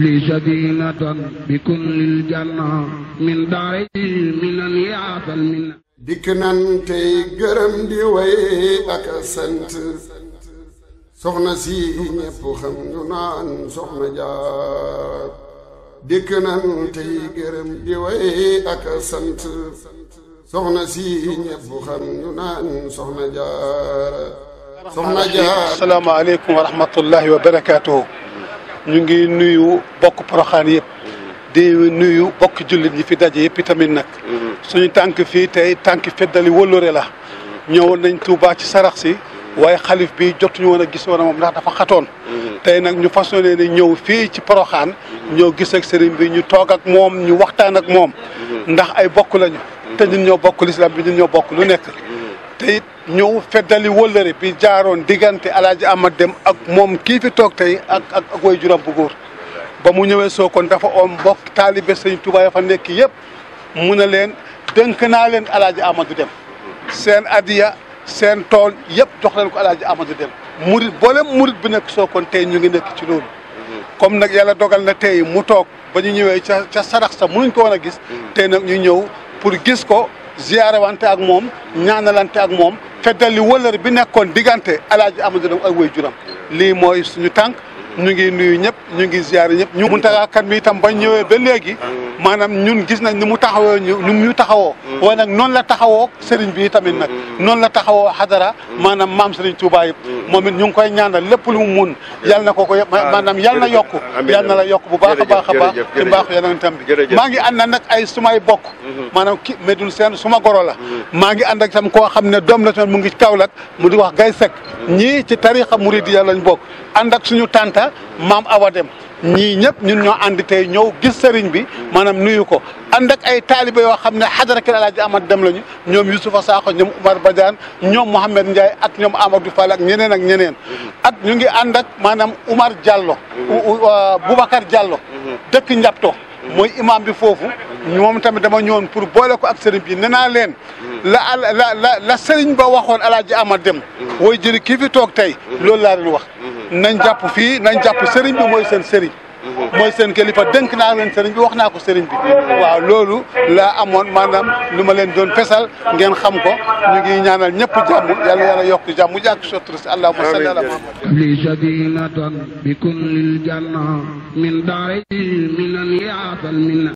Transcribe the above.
li sadinatan bi kullil janna min daari minan yaafal min dikk nan tey gërëm di way ak sant soxna si ñépp xam ñu naan soxna jaar dikk nan tey gërëm di way ak sant soxna si ñépp xam ñu naan soxna jaar soxna jaar asalaamaaleykum wa rahmatullahi wa barakaatuhu ñu ngi nuyu bokk poroxaan yëpp. di nuyu bokk jullit ñi fi daje yëpp tamit nag. suñu tànk fii tey tànk feddali wëllëre la. ñëwoon nañ Touba ci sarax si. waaye xalif bi jotuñu woon a gis woon moom ndax dafa xatoon. tey nag ñu fas yéene ne ñëw fii ci poroxaan. ñoo gis ak sëriñ bi ñu toog ak moom ñu waxtaan ak moom. ndax ay bokk lañu. te ñun ñoo bokk lislaam bi ñun ñoo bokk lu nekk. te it ñëw feddali wëllëre bi jaaroon diggante alaaji Amad Dem ak moom kii fi toog tey ak ak ak way juram bu góor ba mu ñëwee Sokone dafa om mbokk taalibe sëñ Tuubaa ya fa nekk yëpp mu ne leen dënk naa leen alaaji Amadou Dem seen adiya seen tool yëpp jox leen ko alaaji Amadou Dem murit boolem murit bi nekk Sokone tey ñu ngi nekk ci loolu comme nag yàlla dogal na tey mu toog ba ñu ñëwee ca ca sarax sa mënuñ ko woon a gis mm-hmm. tey nag ñu ñëw pour gis ko wante ak moom ñaanalante ak moom feddali wëlër bi nekkoon diggante El Hadj Amadou ay woy juram lii mooy suñu tànk. ñu ngi nuyu ñëpp ñu ngi ziare ñëpp ñu Mountaga Kane mi itam bañ ñëwee ba léegi maanaam ñun gis nañ ni mu taxawoo ñu ñu taxawoo waaye na noonu la taxawoo sëriñ bi tamit nag noonu la taxawoo xadara maanaam maam sëriñ Touba moom it ñu ngi koy ñaanal lépp lu mun yàlla na ko ko yëpp maanaam yàlla na yokku yàlla na la yokk bu baax a baax a baax ci mbaaxu yonentam bi maa ngi ànd na nag ay sumay bokk mm-hmm. maanaam ki Medoune Sène suma goro la mm-hmm. maa ngi ànd ak itam koo xam ne doom la tamit mu ngi Kaolack mu di wax gay sek mm-hmm. ñii ci tarixa murid ya lañ bokk ànd ak suñu tànta maam Awa Dem ñii ñëpp ñun ñoo ànd tey ñëw gis sëriñ bi maanaam nuyu ko ànd ay taalibe yoo xam ne xadara kër Alaaji Amad Dem lañu ñoom Youssoufa Sakho ñoom Oumar Badiane ñoom Mouhamed Ndiaye ak ñoom Amadou Fall ak ñeneen ak ñeneen. ak ñu ngi ànd ak maanaam Oumar Diallo. Boubacar Diallo. dëkk Njabto. mooy imam bi foofu. moom tamit dama ñëwoon pour boole ko ak sëriñ bi nee naa leen. la la la la sëriñ ba waxoon Alaaji Amad Dem. wooy jëri kii fi toog tey. loolu laa leen wax. nañ jàpp fii nañ jàpp sëriñ bi mooy seen sëriñ. mooy seen kilifa denk naa leen sëriñ bi wax naa ko sëriñ bi. waaw loolu laa amoon maanaam lu ma leen doon fesal ngeen xam ko ñu ngi ñaanal ñëpp jàmm yàlla yàlla yokk jàmm jàkk sotru si allahumma salli ala muhammad li sadinatan